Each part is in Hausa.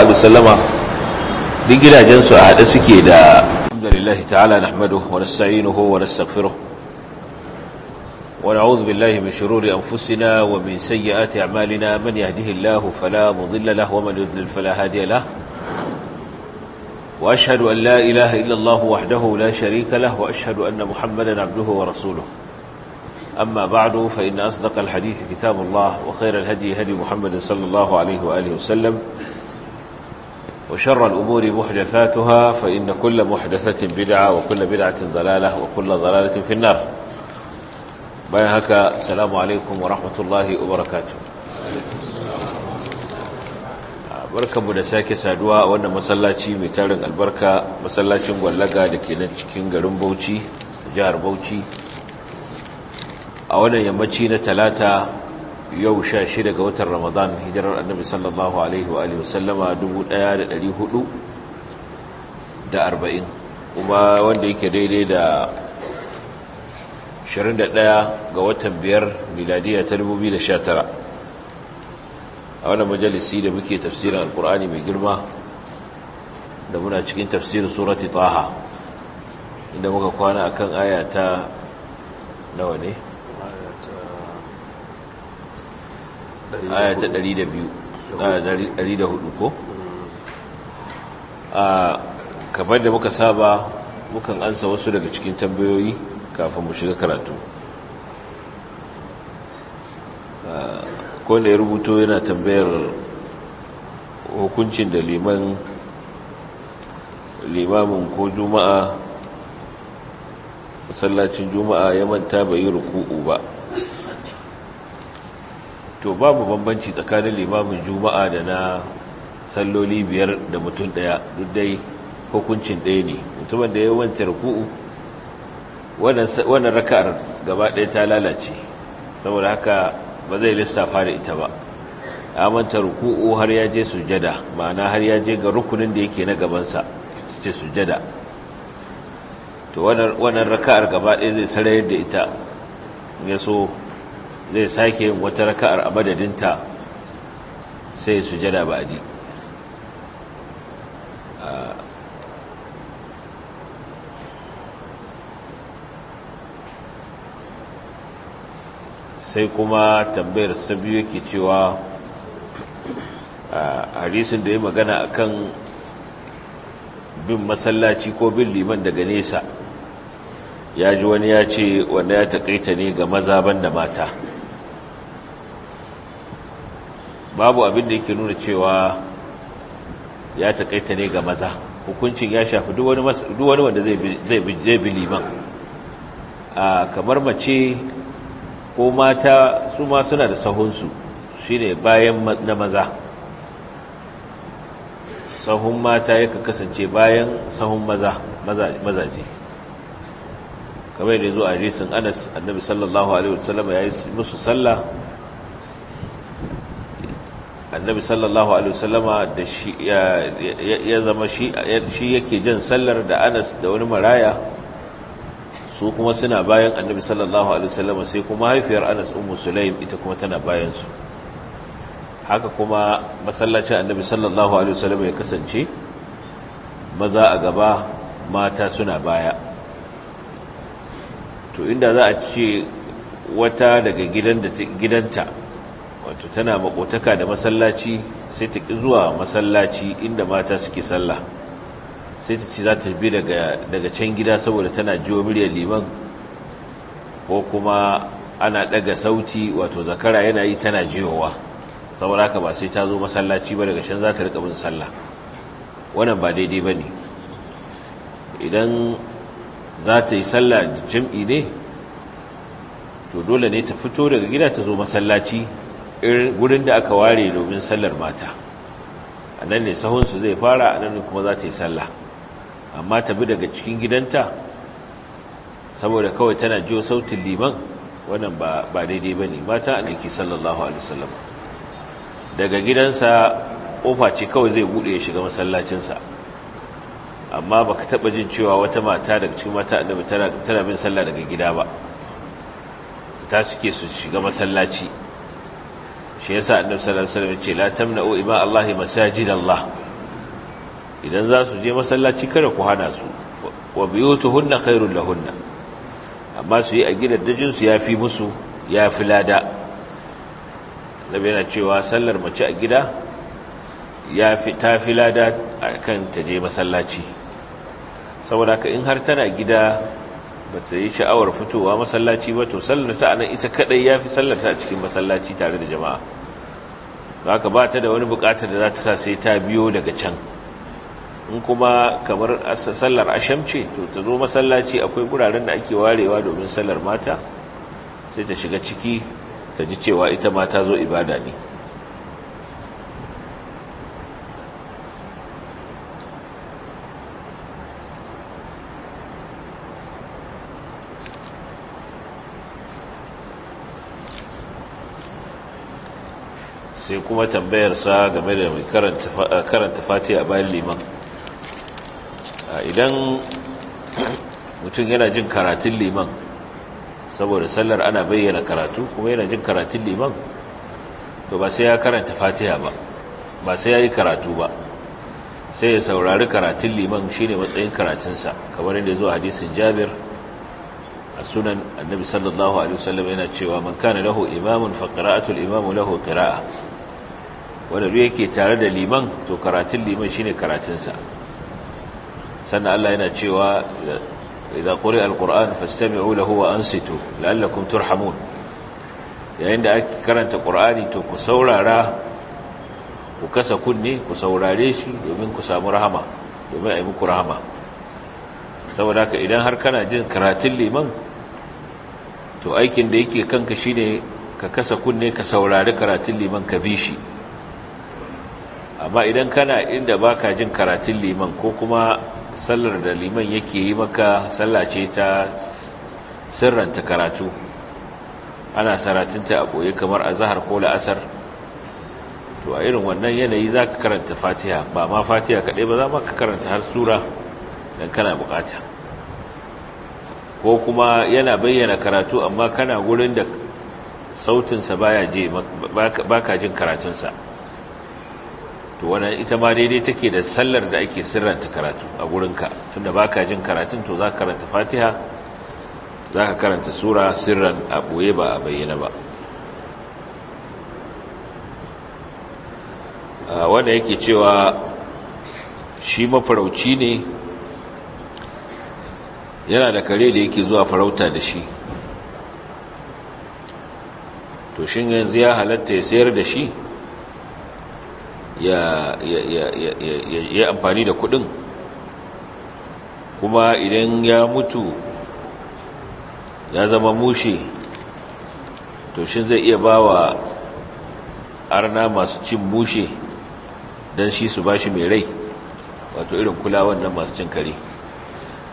alaihi wasallama duk gidajensu a haɗe suke da alhamdulillahi ta'ala nahmaduhu wa nasta'inuhu wa nastaghfiruh wa na'udhu billahi min shururi anfusina wa min sayyiati a'malina man yahdihillahu fala mudilla lahu wa man yudlil fala hadiya lahu anna Muhammadan abduhu wa amma ba'du fa inna asdaqal hadith kitabullah wa وشر الأمور محدثاتها فإن كل محدثة بدعة وكل بدعة ضلالة وكل ضلالة في النار بيهك السلام عليكم ورحمة الله وبركاته barkan mu da sake saduwa a wannan masallaci mai tarin albarka masallacin gwallaga da ke nan cikin garin Bauchi jihar Bauchi a wannan yammaci na talata yau sha shida ga watan ramadan hijirar annabi sallallahu alaihi wa sallama dubu ɗaya da ɗari hudu da arba'in kuma wanda yake daidai da shirin da daya ga watan biyar miladiya ta dubu biyu da sha tara. a wannan majalisi da muke tafsirin alkur'ani mai girma da muna cikin tafsirin surati taha inda muka kwana akan aya ta nawa ne aya ta 104 ko a kamar da muka saba mukan ansa wasu daga cikin tambayoyi kafin mu shiga karatu kone ya rubuto yana tambayar hukuncin da liman limamin ko juma'a masallacin juma'a ya manta bai yi ruku'u ba to babu bambanci tsakanin limamin juma'a da na salloli biyar da mutum ɗaya duk dai hukuncin ɗaya ne mutumin da ya wancan ruku'u wannan raka'ar gaba daya ta lalace saboda haka ba zai lissafa da ita ba manta ruku'u har ya je sujada ma'ana har ya je ga rukunin da yake na gabansa ce sujada to wannan raka'ar gaba daya zai sarayar da ita ya so zai sake yin wata raka'ar a madadinta sai su sujada ba'adi sai kuma tambayar ta biyu yake cewa hadisin da ya magana akan bin masallaci ko bin liman daga nesa ya ji wani ya ce wanda ya taƙaita ne ga maza ban da mata babu abin da yake nuna cewa ya takaita ne ga maza hukuncin ya shafi duk wani wanda zai bi liman kamar mace ko mata su ma suna da sahunsu shi ne bayan na maza sahun mata yaka kasance bayan sahun maza mazaje kamar da zo a risin anas annabi sallallahu alaihi wasallam ya yi musu sallah annabi sallallahu alaihi wasallama da shi ya zama shi yake jan sallar da Anas da wani maraya su kuma suna bayan annabi sallallahu alaihi wasallama sai kuma haifiyar Anas ummu Sulaim ita kuma tana bayan su haka kuma masallacin annabi sallallahu alaihi wasallama ya kasance maza a gaba mata suna baya to inda za a ce wata daga gidanta wato tana makotaka da masallaci sai ta ki zuwa masallaci inda mata suke sallah sai ta ci za ta bi daga can gida saboda tana jiwo miliyan liman ko kuma ana daga sauti wato zakara yana yi tana jiyowa saboda haka ba sai ta zo masallaci ba daga can za ta rikabin bin sallah wannan ba daidai ba ne idan za ta yi sallah jam'i ne to dole ne ta fito daga gida ta zo masallaci wurin da aka ware domin sallar mata a nan ne sahunsu zai fara a nan kuma za ta yi sallah amma ta bi daga cikin gidanta saboda kawai tana jo sautin liman wannan ba daidai ba ne mata alaiki sallallahu alaihi wasallam daga gidansa ƙofa ce kawai zai buɗe ya shiga masallacinsa amma ba ka taɓa jin cewa wata mata daga cikin mata annabi tana bin sallah daga gida ba ta suke su shiga masallaci shi yasa annabi sallallahu alaihi wasallam ce la tamna'u ima Allah masajid Allah idan za su je masallaci kada ku hana su wa biyutuhunna khairul lahunna amma su yi a gidaddajin su yafi musu yafi lada annabi yana cewa sallar mace a gida yafi tafi lada akan ta je masallaci saboda haka in har tana gida ba ta yi sha'awar fitowa masallaci ba to sallarta a nan ita kadai ya fi sallarta a cikin masallaci tare da jama'a haka ka ba ta da wani bukatar da za ta sa sai ta biyo daga can in kuma kamar sallar ashamce to ta zo masallaci akwai guraren da ake warewa domin sallar mata sai ta shiga ciki ta ji cewa ita ma ta zo ibada ne sai kuma tambayarsa game da mai karanta eh, fati a bayan liman idan mutum yana jin karatun liman saboda sallar ana bayyana karatu kuma yana jin karatun liman to ba sai ya karanta fatiha ba ba sai ya yi karatu ba sai ya saurari karatun liman shine matsayin karatunsa kamar yadda zuwa hadisin jabir a sunan annabi sallallahu alaihi wasallam yana cewa man kana lahu imamun faqra'atul imamu lahu qira'a wanda duk yake tare da liman to karatun liman shine karatunsa sannan Allah yana cewa idza quri'a alquran fastami'u lahu wa ansitu la'allakum turhamun yayin da ake karanta qur'ani to ku saurara ku kasa kunne ku saurare shi domin ku samu rahama domin ayi muku rahama saboda haka idan har kana jin karatun liman to aikin da yake kanka shine ka kasa kunne ka saurari karatun liman ka bi shi amma idan kana inda baka jin karatun liman ko kuma sallar da liman yake yi maka sallace ta sirranta karatu ana saratunta a ɓoye kamar a zahar ko la'asar to a irin wannan yanayi za ka karanta fatiha ba ma fatiha kaɗai ba za ma ka karanta har sura don kana bukata ko kuma yana bayyana karatu amma kana gurin da sautinsa baya je ba ka jin karatunsa to wani ita ma daidai take da sallar da ake sirranta karatu a gurinka tunda baka jin karatun to za ka karanta fatiha za ka karanta sura sirran a ɓoye ba a bayyana ba wanda yake cewa shi mafarauci ne yana da kare da yake zuwa farauta da shi to shin yanzu ya halatta ya sayar da shi ya amfani da kudin kuma idan ya mutu ya zama mushe to shin zai iya ba wa arna masu cin mushe don shi su ba shi mai rai wato irin kulawan nan masu cin kare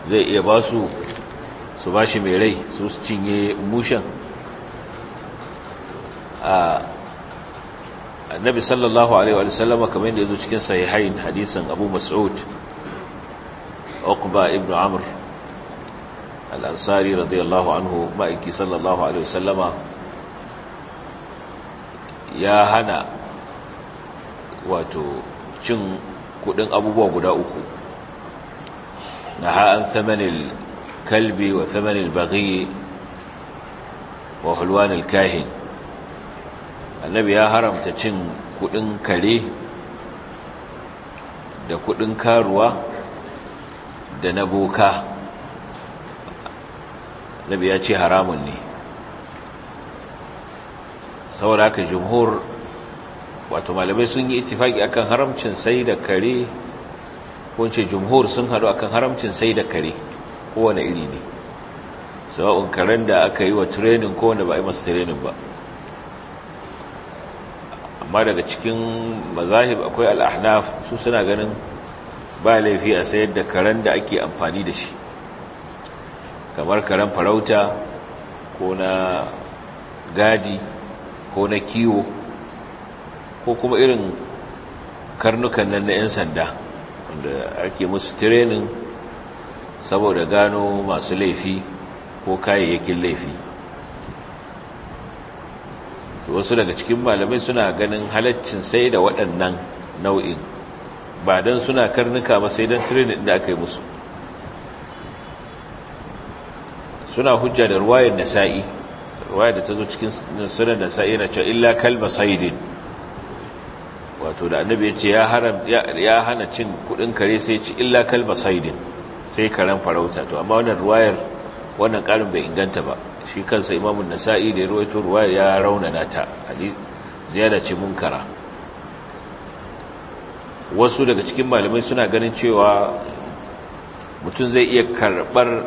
zai iya ba su su ba shi mai rai su su cinye mushen a ah, annabi sallallahu alaihi wa sallama kamar yadda ya zo cikin sahihain hadisin abu mas'ud uqba ibn amr al-ansari radiyallahu anhu ma'aiki sallallahu alaihi wa sallama ya hana wato cin kudin abubuwa guda uku na ha'an thamanin kalbi wa thamanin baghi wa hulwanin kahin annabi ya haramta cin kudin kare da kudin karuwa da na boka annabi ya ce haramun ne saboda haka jumhur wato malamai sun yi itifaki akan haramcin sai da kare ko ce jumhur sun hadu akan haramcin sai da kare kowane iri ne sawa'un karen da aka yi wa training ko wanda ba a yi masu training ba amma daga cikin mazahib akwai al'ahnaf su suna ganin ba laifi a sayar da karen da ake amfani da shi kamar karen farauta ko na gadi ko na kiwo ko kuma irin karnukan nan na 'yan sanda wanda ake musu tirenin saboda gano masu laifi ko kayayyakin laifi wasu daga cikin malamai suna ganin halaccin sai da waɗannan nau'in ba don suna karnuka ba sai don training da aka yi musu suna hujja da ruwayar nasa'i ruwayar da ta zo cikin sunan nasa'i na cewa illa kalba saidin wato da annabi ya ce ya hana cin kudin kare sai ci illa kalba saidin sai karen farauta to amma wannan ruwayar wannan karin bai inganta ba shi kansa imamun nasa'i da ya ruwaito ruwa ya raunana ta ziyada ce munkara wasu daga cikin malamai suna ganin cewa mutum zai iya karɓar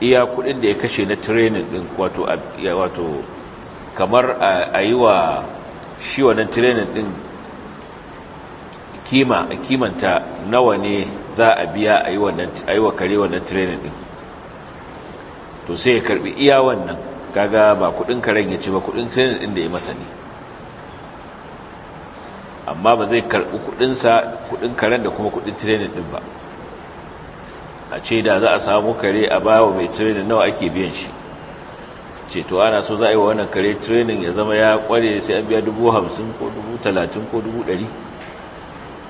iya kudin da ya kashe na training din wato kamar a yi wa shi wannan training din kima kimanta nawa ne za a biya a yi wa kare wannan training din to sai ya karbi iya wannan kaga ba kudin karen ya ci ba kudin training din da ya masa ne amma ba zai karbi kudin sa kudin karen da kuma kudin training din ba a ce da za a samu kare a bawa mai training nawa ake biyan shi ce to ana so za a yi wa wannan kare training ya zama ya kware sai an biya dubu hamsin ko dubu talatin ko dubu dari.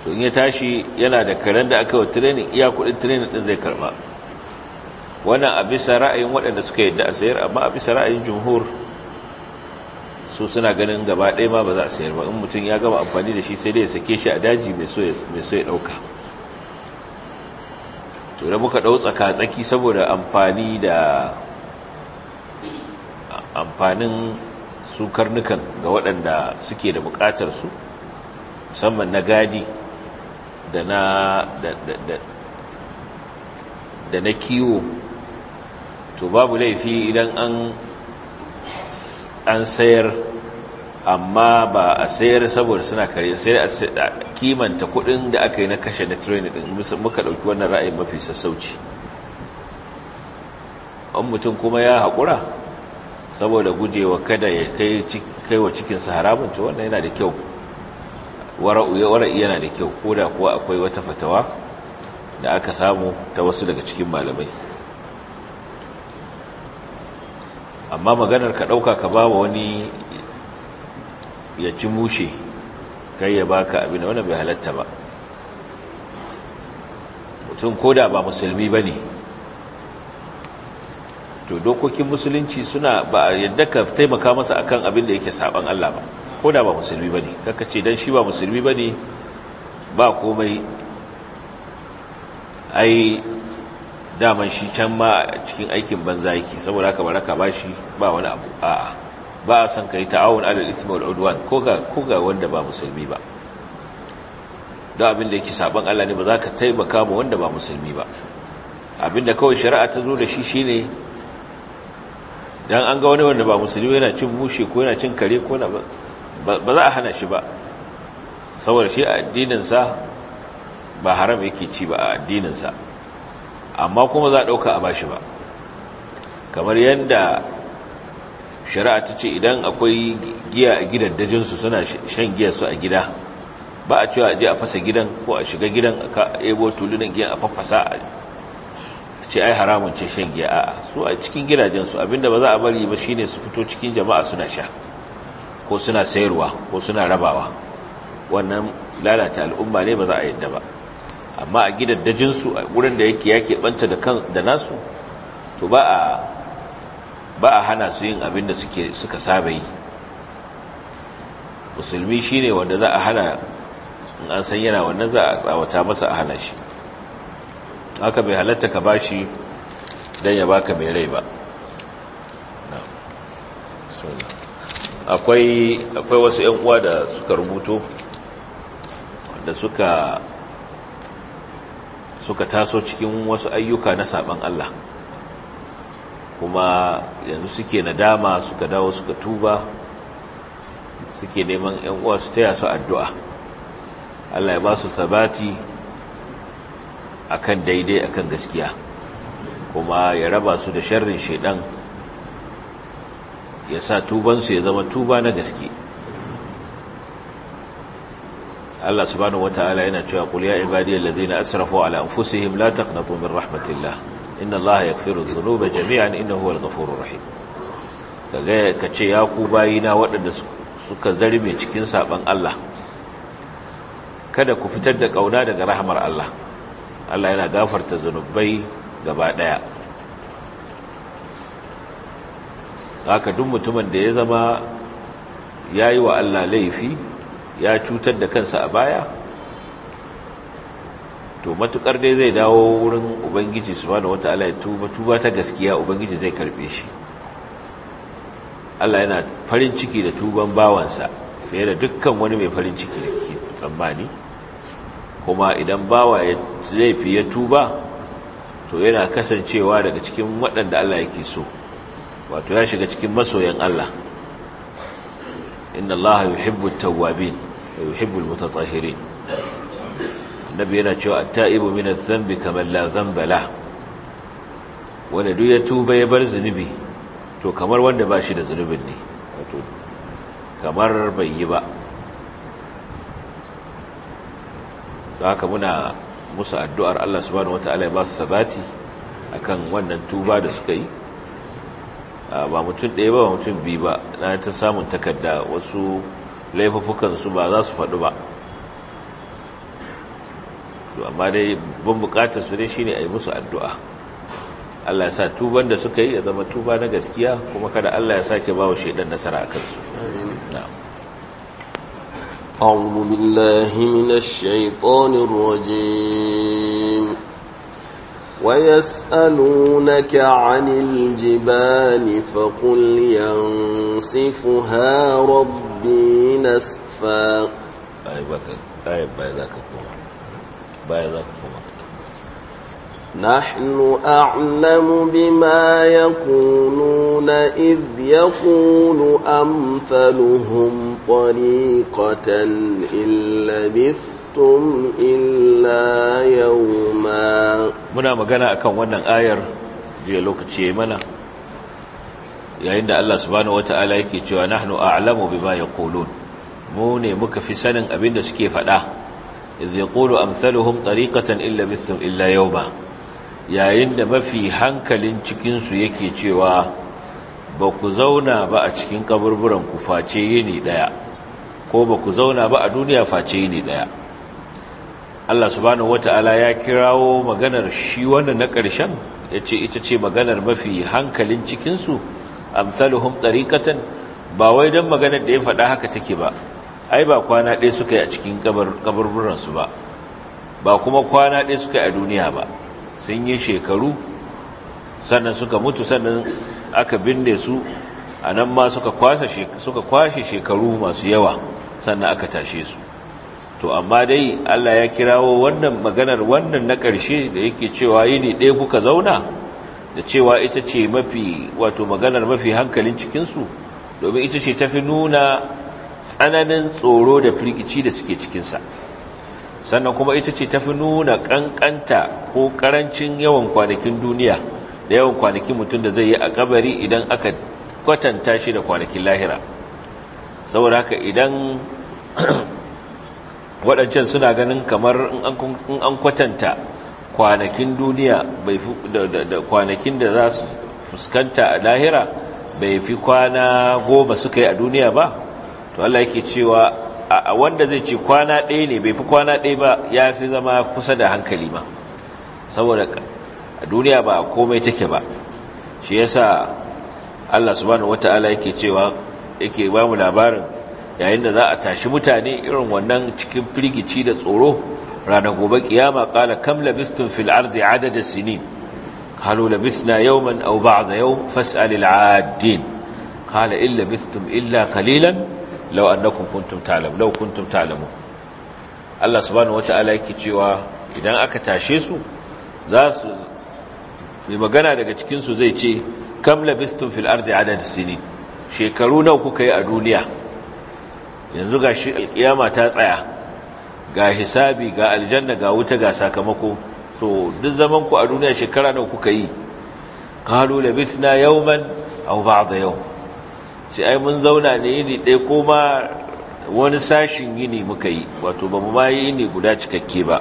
to in ya tashi yana da karen da aka wa training iya kudin training din zai karba wannan a bisa ra'ayin waɗanda suka yadda a sayar amma a bisa ra'ayin jumhur su suna ganin gaba ɗaya ma ba za a sayar ba in mutum ya gama amfani da shi sai dai ya sake shi a daji mai so ya ɗauka to da muka ɗau tsaka-tsaki saboda amfani da amfanin su karnukan ga waɗanda suke da buƙatar su musamman na gadi da na da na kiwo to babu laifi idan an an sayar amma ba a sayar saboda suna kare sai a kimanta kudin da aka yi na kashe na training din muka dauki wannan ra'ayin mafi sassauci an mutum kuma ya haƙura saboda gujewa kada ya kai wa cikinsa haramun to wannan yana da kyau wara'i yana da kyau ko da kuwa akwai wata fatawa da aka samu ta wasu daga cikin malamai amma maganar ka ɗauka ka ba wa wani ya ci mushe kai ya baka abin da wani bai halatta ba mutum koda ba musulmi ba ne to dokokin musulunci suna ba yadda ka taimaka masa akan abin da yake saban Allah ba koda ba musulmi ba ne kaka ce don shi ba musulmi ba ne ba komai ai daman shi can ma cikin aikin banza yake saboda haka baraka ba shi ba wani abu a'a ba a san ka yi ta'awun adal ismi wal udwan ko ga wanda ba musulmi ba don abin da yake saban Allah ne ba za ka taimaka ma wanda ba musulmi ba abin da kawai shari'a ta zo da shi shine dan an ga wani wanda ba musulmi yana cin mushe ko yana cin kare ko na ba za a hana shi ba saboda shi a addininsa ba haram yake ci ba a addininsa amma kuma za a ɗauka a bashi ba kamar yadda shari'a ta ce idan akwai giya a gidaddajinsu suna shan giyarsu a gida ba a cewa je a fasa gidan ko a shiga gidan a ebo tulunan giya a fafasa a ce ai haramun ce shan giya a su a cikin gidajensu abinda ba za a bari ba shine su fito cikin jama'a suna sha ko suna sayarwa ko suna rabawa wannan lalata al'umma ne ba za a yadda ba amma a gidaddajinsu a wurin da yake ya banta da nasu to ba a hana su yin abin da suka saba yi musulmi shine wanda za a hana in an san yana wannan za a tsawata masa a hana shi haka bai halatta ka ba shi don ya baka mai rai ba akwai wasu 'yan uwa da suka rubuto da suka suka taso cikin wasu ayyuka na saban Allah kuma yanzu suke nadama suka dawo suka tuba suke neman yan uwa su taya su addu'a Allah ya ba su sabati akan daidai akan gaskiya kuma ya raba su da sharrin shaidan ya sa tubansu ya zama tuba na gaske Allah subhanahu wataala yana cewa qul ya ibadiyal ladina asrafu ala anfusihim la taqnatu min rahmatillah inna Allah yaghfiru dhunuba jami'an innahu huwal ghafurur rahim kaga kace ya ku bayina waɗanda suka zarbe cikin saban Allah kada ku fitar da kauna daga rahmar Allah Allah yana gafarta zunubai gaba daya haka duk mutumin da ya zama yayi wa Allah laifi ya cutar da kansa a baya to matukar dai zai dawo wurin ubangiji subhanahu wataala ya tuba tuba ta gaskiya ubangiji zai karbe shi Allah yana farin ciki da tuban bawansa fiye da dukkan wani mai farin ciki da ke tsammani kuma idan bawa ya zai ya tuba to yana kasancewa daga cikin waɗanda Allah yake so wato ya shiga cikin masoyan Allah inna Allah yuhibbu tawwabin yuhibbul mutatahhirin annabi yana cewa a taibu min adh-dhanbi kaman la dhanba wanda duk ya tuba ya bar zunubi to kamar wanda ba shi da zunubin ne wato bai yi ba haka muna musu addu'ar Allah subhanahu wata'ala ya ba su sabati akan wannan tuba da suka yi ba mutum ɗaya ba mutum biyu ba na ta samun takarda wasu su ba za su faɗu ba su amma dai bin bukatar su shi shine a yi musu addu'a Allah ya sa tuban da suka yi ya zama tuba na gaskiya kuma kada Allah ya sake ba wa shaidan nasara a kansu أعوذ بالله من الشيطان الرجيم ويسألونك عن الجبال فقل ينصفها ربي نسفا آية بايذاك نحن أعلم بما يقولون إذ يقول أمثلهم طريقة إن لبثت Tum illa yawma muna magana akan wannan ayar jiya lokaci yayin mana yayin da Allah subhanahu wataala yake cewa nahnu a'lamu bima yaqulun mu ne muka fi sanin abin da suke faɗa idh yaqulu amsaluhum tariqatan illa bisum illa yawma yayin da mafi hankalin cikin su yake cewa ba ku zauna ba a cikin kaburburan ku face yini daya ko ba ku zauna ba a duniya face yini daya Allah subhanahu wata'ala ya kirawo maganar shi wanda na ƙarshen ya ce ita ce maganar mafi hankalin cikinsu amsaluhum ɗariƙatan ba wai don maganar da ya faɗa haka take ba ai ba kwana ɗaya suka yi a cikin ƙabarburansu ba ba kuma kwana ɗaya suka yi a duniya ba sun yi shekaru sannan suka mutu sannan aka binne su a nan ma suka kwashe shekaru masu yawa sannan aka tashe su to amma dai Allah ya kirawo wannan maganar wannan na ƙarshe da yake cewa yini ɗaya kuka zauna da cewa ita ce mafi wato maganar mafi hankalin cikinsu domin ita ce tafi nuna tsananin tsoro da firgici da suke cikinsa sannan kuma ita ce tafi nuna ƙanƙanta ko ƙarancin yawan kwanakin duniya da yawan kwanakin mutum da zai yi a kabari idan aka kwatanta shi da kwanakin lahira saboda haka idan waɗancan suna ganin kamar in an kwatanta kwanakin duniya da kwanakin da za su fuskanta a lahira bai fi kwana goma suka yi a duniya ba to Allah yake cewa a wanda zai ce kwana ɗaya ne bai fi kwana ɗaya ba ya fi zama kusa da hankali ma saboda a duniya ba komai take ba shi yasa Allah subhanahu wata'ala yake cewa yake ba mu labarin yayin da za a tashi mutane irin wannan cikin firgici da tsoro ranar gobe kiyama qala kam labistum fil ardi adada sinin qalu labisna yawman aw ba'da yawm fas'al al 'adin qala in labistum illa qalilan law annakum kuntum ta'lamun law kuntum ta'lamun Allah subhanahu wata'ala yake cewa idan aka tashe su za su mai magana daga cikinsu zai ce kam labistum fil ardi adad sinin shekaru nawa kuka yi a duniya yanzu ga shi alkiyama ta tsaya ga hisabi ga aljanna ga wuta ga sakamako to duk zaman ku a duniya shekara nawa kuka yi qalu labithna yawman aw ba'd yawm sai ai mun zauna ne yini dai ko ma wani sashin yini muka yi wato bamu ma yi yini guda cikakke ba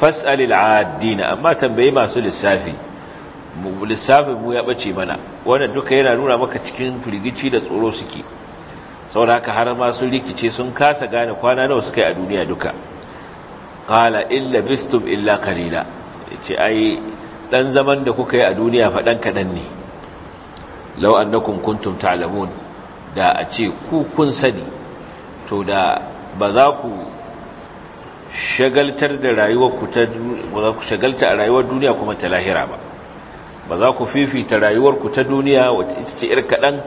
fas'alil al'adina, amma tambayi masu lissafi lissafin mu ya bace mana wannan duka yana nuna maka cikin firgici da tsoro suke saboda haka har ma sun rikice sun kasa gane kwana nawa suka yi a duniya duka qala illa bistum illa qalila yace ai dan zaman da kuka yi a duniya fa dan kadan ne law annakum kuntum ta'lamun da a ce ku kun sani to da ba za ku shagaltar da rayuwar ku ta ba za ku shagalta a rayuwar duniya kuma ta lahira ba ba za ku fifita rayuwar ku ta duniya wacce ita ce irka dan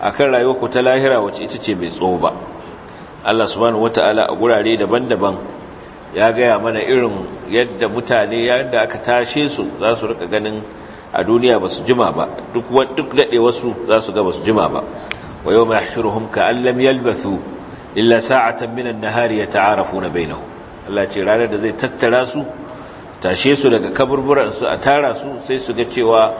akan ku ta lahira wacce ita ce mai tsoho ba Allah subhanahu wata'ala a gurare daban-daban ya gaya mana irin yadda mutane yadda aka tashe su za su rika ganin a duniya ba su jima ba duk duk wasu za su ga ba su jima ba wa yawma yahshuruhum ka'an allam yalbathu illa sa'atan min an-nahari yata'arafuna bainahum Allah ce ranar da zai tattara su tashe su daga kaburburan su a tara su sai su ga cewa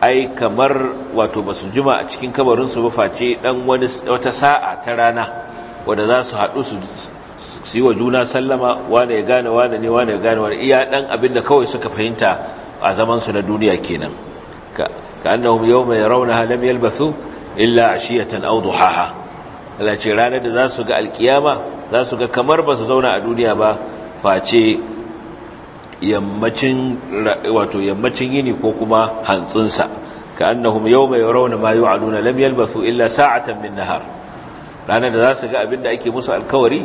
ai kamar wato ba su juma a cikin kabarinsu ba face dan wata sa'a ta rana wadda za su haɗu su yi wa juna sallama wane ya gane wane ne wane ya gane wane iya ɗan abin da kawai suka fahimta a zamansu na duniya kenan ka annahum yau mai rauna lam yalbathu illa ashiyatan aw duhaha Allah ce ranar da za su ga alkiyama za su ga kamar ba su zauna a duniya ba face yammacin wato yammacin yini ko kuma hantsinsa ka annahum yawma yarawna ma yu'aduna lam yalbathu illa sa'atan min nahar ranar da zasu ga abinda ake musu alkawari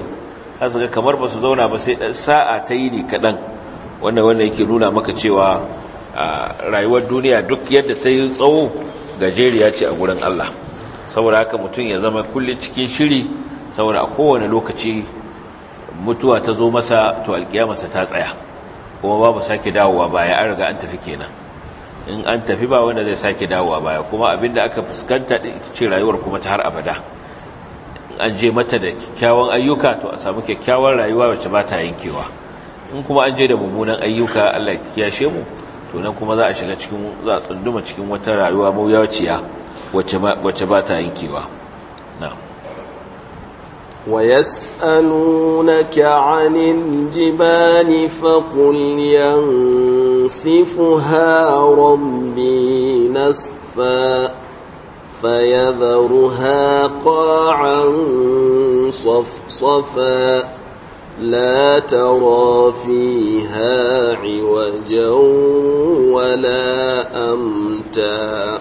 su ga kamar basu zauna ba sai dan sa'a ta yini kadan wannan wannan yake nuna maka cewa rayuwar duniya duk yadda ta yi tsawo gajeriya ce a gurin Allah saboda haka mutum ya zama kullum cikin shiri saboda a kowane lokaci mutuwa ta zo masa to alkiyamasa ta tsaya kuma babu sake dawowa baya an riga an tafi kenan in an tafi ba wanda zai sake dawowa baya kuma abin da aka fuskanta ce rayuwar kuma ta har abada an je mata da kyakkyawan ayyuka to a samu kyakkyawan rayuwa wacce ba ta yankewa in kuma an je da mummunan ayyuka Allah ya kiyashe mu to nan kuma za a shiga cikin za tsunduma cikin wata rayuwa mawuyaciya wacce ba ta yankewa na'am ويسألونك عن الجبال فقل ينسفها ربي نسفا فيذرها قاعا صفصفا لا ترى فيها عوجا ولا أمتا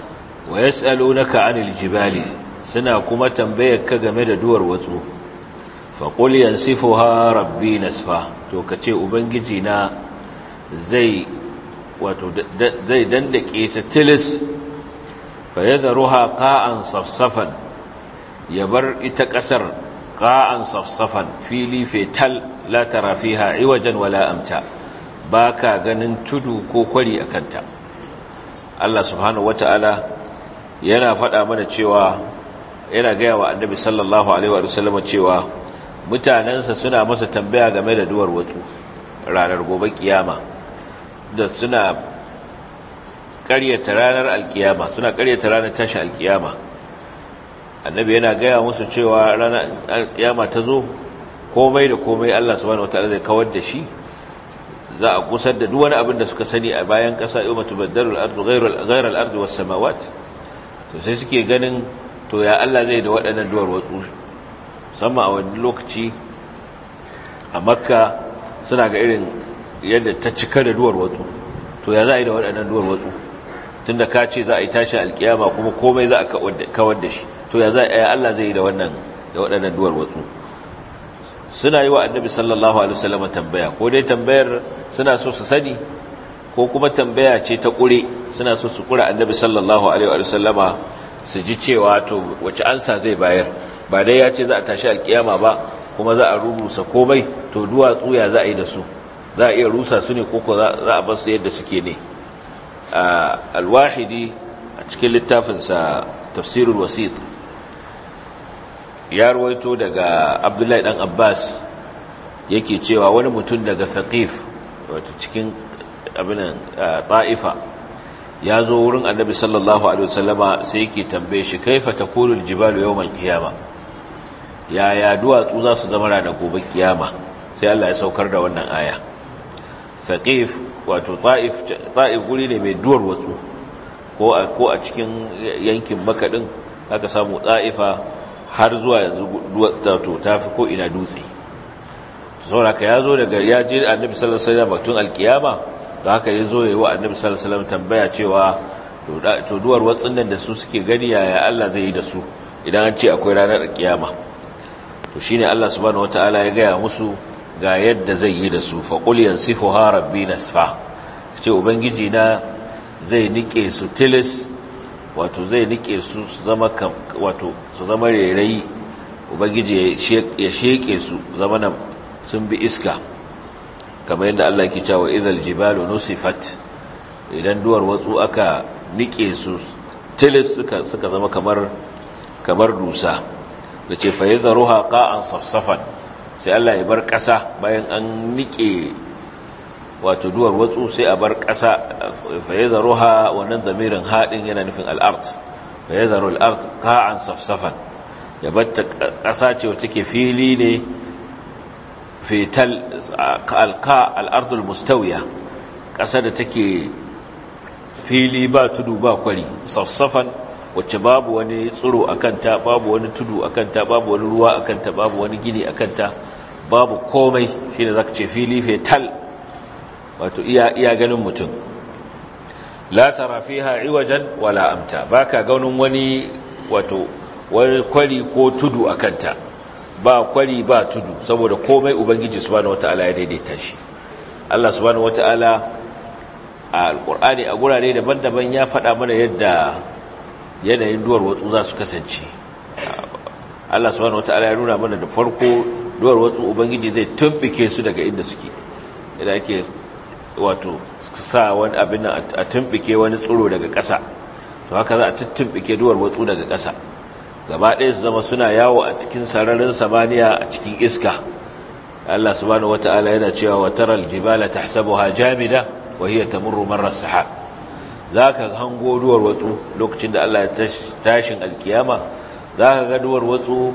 ويسألونك عن الجبال سنة كما تنبيك كجمد دور وزوه faƙul yansifuha rabbi nasfa to ka ce ubangiji na zai wato zai dandake ta tilis fa yadharuha qa'an safsafan ya bar ita ƙasar ƙa'an safsafan fili fetal la tara fiha wajen wala amta baka ganin tudu ko kwari kanta. Allah subhanahu ta'ala yana faɗa mana cewa yana gaya wa annabi sallallahu alaihi wa sallama cewa mutanensa suna masa tambaya game da duwar wasu ranar gobe kiyama da suna karyata ranar alkiyama suna karyata ranar tashi alkiyama annabi yana gaya musu cewa ranar alkiyama ta zo komai da komai Allah subhanahu wataala zai kawar da shi za a kusar da duwani abin da suka sani a bayan ƙasa yau baddarul ardu ghairal ardu was samawat to sai suke ganin to ya Allah zai da waɗannan duwar wasu musamman a wani lokaci a makka suna ga irin yadda ta cika da duwar watsu to ya za a yi da waɗannan duwar watsu tun da ka ce za a yi tashin alkiyama kuma komai za a kawar da shi to ya za a yi allah zai yi da waɗannan duwar watsu suna yi wa annabi sallallahu alaihi wasallam tambaya ko dai tambayar suna so su sani ko kuma tambaya ce ta ƙure suna so su ƙura annabi sallallahu alaihi wasallama su ji cewa to wace ansa zai bayar ba dai ya ce za a tashi alkiyama ba kuma za a rubusa komai to duwatsu ya za a yi da su za a iya rusa su ne koko za a basu yadda suke ne alwahidi a cikin littafinsa tafsirul wasit ya ruwaito daga abdullahi dan abbas yake cewa wani mutum daga faqif wato cikin abinan ta'ifa ya zo wurin annabi sallallahu alaihi wasallama sai yake tambaye shi kaifa takulul jibalu yawmal qiyamah yaya duwatsu za su zama ranar gobe kiyama sai Allah ya saukar da wannan aya saqif wato ta'if ta'if guri ne mai duwar watsu ko a ko a cikin yankin makaɗin aka samu ta'ifa har zuwa yanzu ta tafi ko ina dutse saboda ka zo daga ya ji annabi sallallahu alaihi wasallam tun alkiyama da haka yazo yayi wa annabi sallallahu alaihi wasallam tambaya cewa to duwar watsun nan da su suke gani yaya Allah zai yi da su idan an ce akwai ranar kiyama to shi ne Allah subhanahu ta'ala ya gaya musu ga yadda zai yi da su fa qul yansifuha rabbi nasfa ce ubangiji na zai nike su tilis wato zai nike su zama kam wato su zama rairayi ubangiji ya sheke su zama nan sun bi iska kamar yadda Allah ke cewa Izal jibalu nusifat idan duwar watsu aka nike su tilis suka suka zama kamar kamar dusa da ce fa yadharuha qa'an safsafan sai Allah ya bar ƙasa bayan an nike wato duwar watsu sai a bar ƙasa fa yadharuha wannan damirin haɗin yana nufin al-ard fa yadharu al-ard qa'an safsafan ya batta ƙasa ce wacce ke fili ne fetal alqa al-ardul mustawiya ƙasa da take fili ba tudu ba kwari saffafan wacce babu wani tsiro a kanta babu wani tudu a kanta babu wani ruwa a kanta babu wani gini a kanta babu komai shi ne za ka ce fili fetal wato iya ganin mutum la tara ha'i wajen wala amta ba ka ganin wani wato wani kwari ko tudu a kanta ba kwari ba tudu saboda komai ubangiji su wata wata'ala ya daidaita shi Allah wata wata'ala a Alƙur'ani a gurare daban-daban ya faɗa mana yadda yanayin duwar watsu za su kasance Allah subhanahu ala ya nuna mana da farko duwar watsu ubangiji zai tumbike su daga inda suke idan ake wato sa wani abin a tumbike wani tsiro daga ƙasa to haka za a tuttumbike duwar watsu daga ƙasa gaba ɗaya su zama suna yawo a cikin sararin samaniya a cikin iska Allah subhanahu ala yana cewa wa taral jibala tahsabuha jamida wa hiya tamurru marra sahab za ka hango duwar watsu lokacin da Allah ya tashin alkiyama za ka ga duwar watsu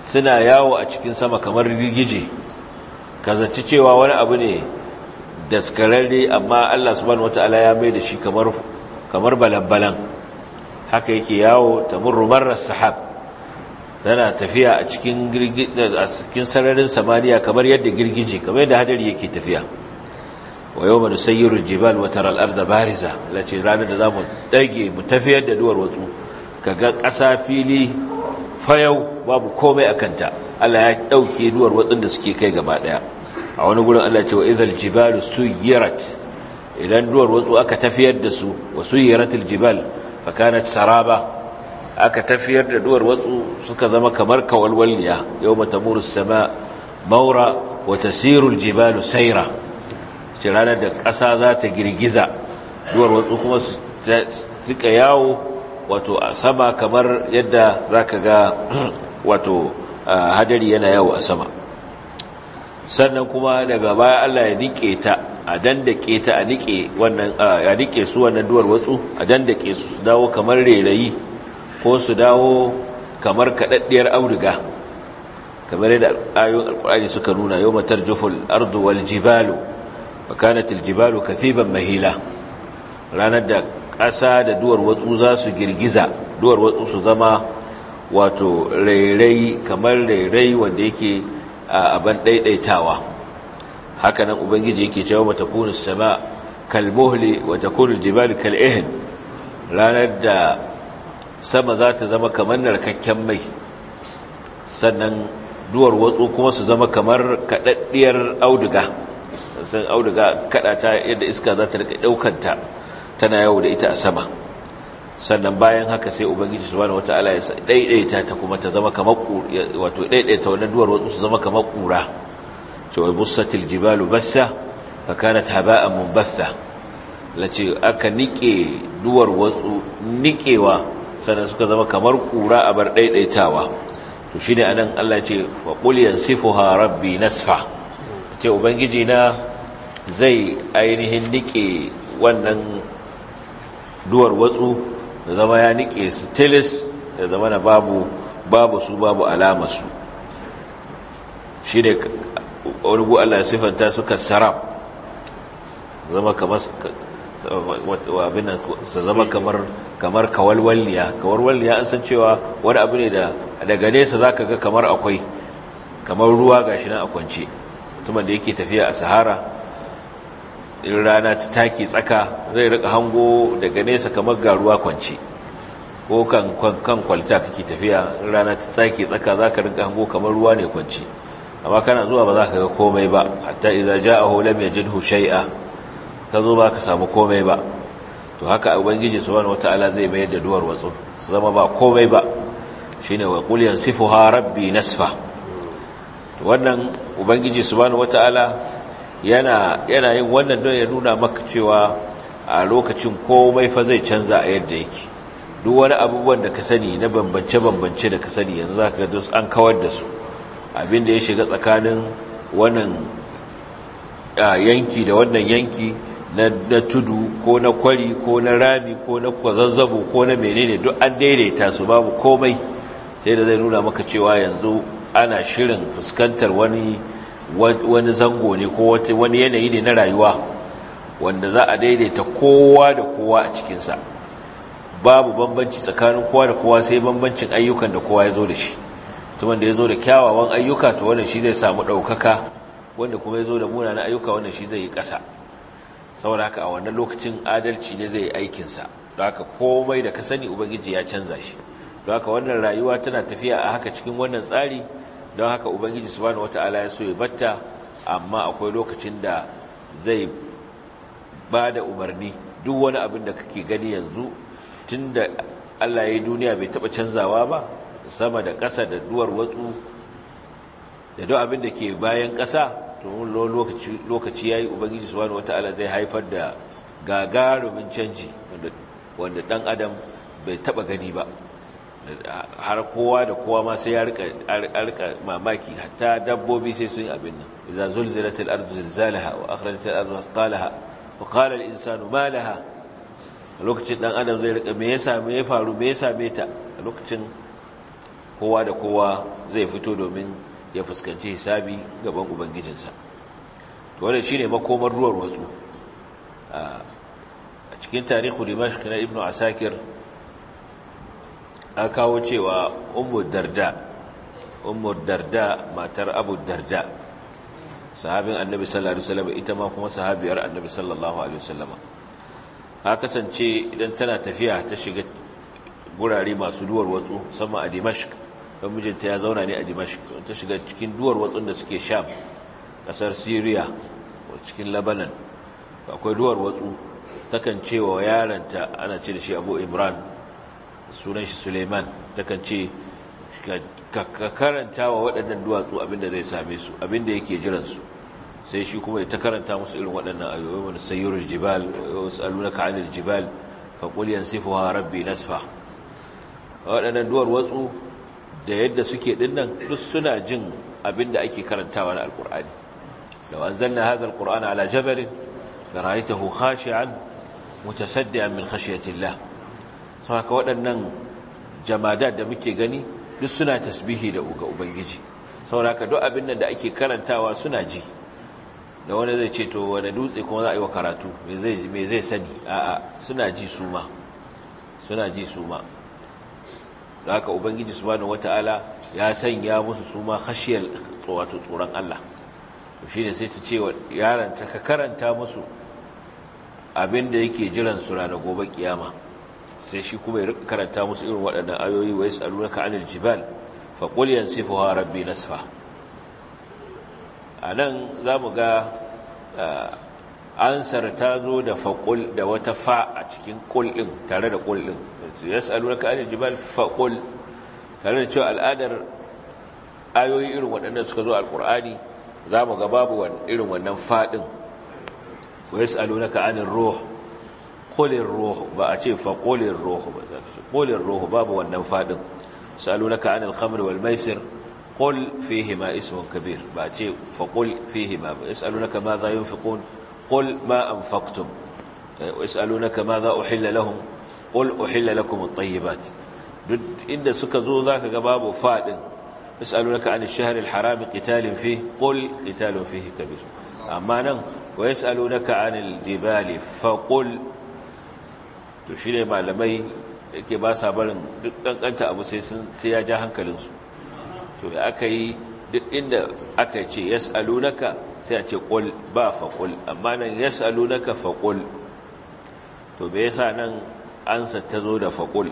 suna yawo a cikin sama kamar rigije ka zaci cewa wani abu ne daskararre amma Allah subhanahu wataala ya mai da shi kamar kamar balabbalan haka yake yawo ta marra sahab tana tafiya a cikin sararin samaniya kamar yadda girgije kamar yadda hadari yake tafiya wa yau mana sayyarun jibal watar al'arda bariza lace ranar da za mu ɗage mu tafiyar da duwar watsu ka ga ƙasa fili fayau babu komai a kanta allah ya ɗauke duwar watsun da suke kai gaba ɗaya a wani gurin allah ce wa idhal jibalu suyirat idan duwar watsu aka tafiyar da su wa suyiratul jibal fa kanat saraba aka tafiyar da duwar watsu suka zama kamar kawalwalniya yau matamurus sama wa tasirul jibalu saira ce ranar da ƙasa za ta girgiza duwar wasu kuma su suka yawo wato a sama kamar yadda za ka ga wato hadari yana yawo a sama sannan kuma daga baya Allah ya nike ta a dandake ta a nike wannan a nike su wannan duwar wasu a dandake su su dawo kamar rerayi ko su dawo kamar kaɗaɗɗiyar auduga kamar yadda ayoyin alkurani suka nuna matar tarjuful ardu wal jibalu wa Jibalu aljibalu kathiban mahila ranar da ƙasa da duwar watsu za su girgiza duwar watsu su zama wato rairai kamar rairai wanda yake aban daidaitawa hakanan ubangiji yake cewa mata kunu sama kalmuhli wata takunu aljibalu kal'ihin ranar da sama za ta zama kamar narkakken mai sannan duwar watsu kuma su zama kamar kaɗaɗɗiyar auduga san auduga kada ta yadda iska za ta rika daukanta tana yawo da ita a sama sannan bayan haka sai ubangiji subhanahu wataala ya daidaita ta kuma ta zama kamar wato daidaita wannan duwar wasu su zama kamar kura to bussatil jibalu bassa fa kanat haba'an munbassa lace aka nike duwar wasu nikewa sannan suka zama kamar kura a bar daidaitawa to shi ne anan Allah ce wa ƙuliyan sifuha rabbi nasfa ce ubangiji na zai ainihin nike wannan duwar watsu da zama ya nike su tilis da zama na babu babu su babu alama su shi ne wani Allah siffanta suka sarab zama kamar su zama kamar kamar kawalwalliya kawalwalliya an san cewa wani abu ne da daga nesa za ka ga kamar akwai kamar ruwa ga shi nan a kwance mutumin da yake tafiya a sahara in rana ta take tsaka zai rika hango daga nesa kamar garuwa kwance ko kan kan kwalta kake tafiya in rana ta take tsaka zaka rika hango kamar ruwa ne kwance amma kana zuwa ba za ka ga komai ba hatta idza ja'ahu lam yajidhu shay'a ka zo ba ka samu komai ba to haka ubangiji subhanahu wataala zai mayar da duwar watsu su zama ba komai ba shine wa qul yansifuha rabbi nasfa To wannan ubangiji subhanahu wataala yana yin wannan don ya nuna maka cewa a lokacin komai fa zai canza a yadda yake duk wani abubuwan da ka sani na bambance-bambance da ka sani yanzu za ka duk an kawar da su abin da ya shiga tsakanin wannan yanki da wannan yanki na tudu ko na kwari ko na rami ko na kwazazzabo ko na menene duk an daidaita su babu komai sai da zai nuna maka cewa yanzu ana shirin fuskantar wani wani zango ne ko wani yanayi ne na rayuwa wanda za a daidaita kowa da kowa a cikinsa babu bambanci tsakanin kowa da kowa sai bambancin ayyukan da kowa ya zo da shi mutumin da ya zo da kyawawan ayyuka to wannan shi zai samu ɗaukaka wanda kuma ya zo da munanan ayyuka wannan shi zai yi ƙasa saboda haka a wannan lokacin adalci ne zai yi aikinsa don haka komai da ka sani ubangiji ya canza shi don haka wannan rayuwa tana tafiya a haka cikin wannan tsari don haka ubangiji subhanahu wataala ya so ya batta amma akwai lokacin da zai ba da umarni duk wani abin da kake gani yanzu tunda Allah ya duniya bai taba canzawa ba sama da ƙasa da duwar watsu da duk abin da ke bayan ƙasa to lokaci lokaci yayi ubangiji subhanahu wataala zai haifar da gagarumin canji wanda ɗan adam bai taba gani ba har kowa da kowa ma sai ya rika mamaki hatta dabbobi sai sun yi abin nan idza zulzilatil ardu zilzalaha wa akhrajatil ardu asqalaha wa qala al insanu ma laha lokacin dan adam zai rika me ya same ya faru me ya same ta lokacin kowa da kowa zai fito domin ya fuskanci hisabi gaban ubangijinsa to wannan shine makomar ruwar watsu a cikin tarihu dimashq na ibnu asakir a kawo cewa Umar darda Umar darda matar abu darda sahabin annabi sallallahu alaihi wasallam ita ma kuma sahabiyar annabi sallallahu alaihi wasallam ka kasance idan tana tafiya ta shiga gurare masu duwar watsu sama a dimashq don mijinta ya zauna ne a dimashq ta shiga cikin duwar watsun da suke sham kasar syria ko cikin lebanon akwai duwar watsu takan cewa yaranta ana ce da shi abu imran sunan shi suleiman takan ce ka karanta wa waɗannan duwatsu abinda zai same su abinda yake jiransu sai shi kuma ya ta karanta musu irin waɗannan ayoyi wani sayyurul jibal wasaluna ka anil jibal fa qul yansifuha rabbi nasfa waɗannan duwar watsu da yadda suke dinnan duk suna jin abinda ake karantawa na alqur'ani law anzalna hadha alqur'ana ala jabalin la ra'aytahu khashi'an mutasaddian min khashyati haka waɗannan jam'adar da muke gani duk suna tasbihi da uga ubangiji ka duk abin nan da ake karantawa suna ji da wani zai ce to wani dutse kuma za a yi wa karatu me zai sani a'a suna ji su ma suna ji su ma da haka ubangiji subhanahu wata'ala ya sanya musu su ma hashiyar wato tsoron Allah shi ne sai ta ce wa yaron ta ka karanta musu abin da yake jiran su ranar gobe kiyama sai shi kuma ya karanta musu irin waɗannan ayoyi wa yas'alunaka 'anil jibal fa qul yansifuha rabbi nasfa anan zamu ga ansar ta zo da faƙul da wata fa a cikin qul din tare da qul din ka 'anil jibal fa qul tare da cewa al'adar ayoyi irin waɗannan suka zo alqur'ani zamu ga babu irin wannan fadin wa ka 'anil ruh qulin ruhu ba a ce fa qulin ruhu ba ce qulin ruhu babu wannan fadin salunaka anil khamr wal maisir qul fihima ismun kabir ba a ce fa qul fihima ba yasalunaka madha yunfiqun qul ma anfaqtum eh, yasalunaka madha uhilla lahum qul uhilla lakum at-tayyibat inda suka zo zaka ga babu fadin yasalunaka anil shahril haram qitalin fihi qul qitalun fihi kabir amma nan ويسألونك عن الجبال to shi ne malamai ke ba sa barin duk ƙanƙanta abu sai ya ja hankalinsu to ya aka yi duk inda aka ce yas'alunaka sai a ce qul ba faƙul amma nan yas'alunaka faqul to me yasa nan ansa ta zo da faqul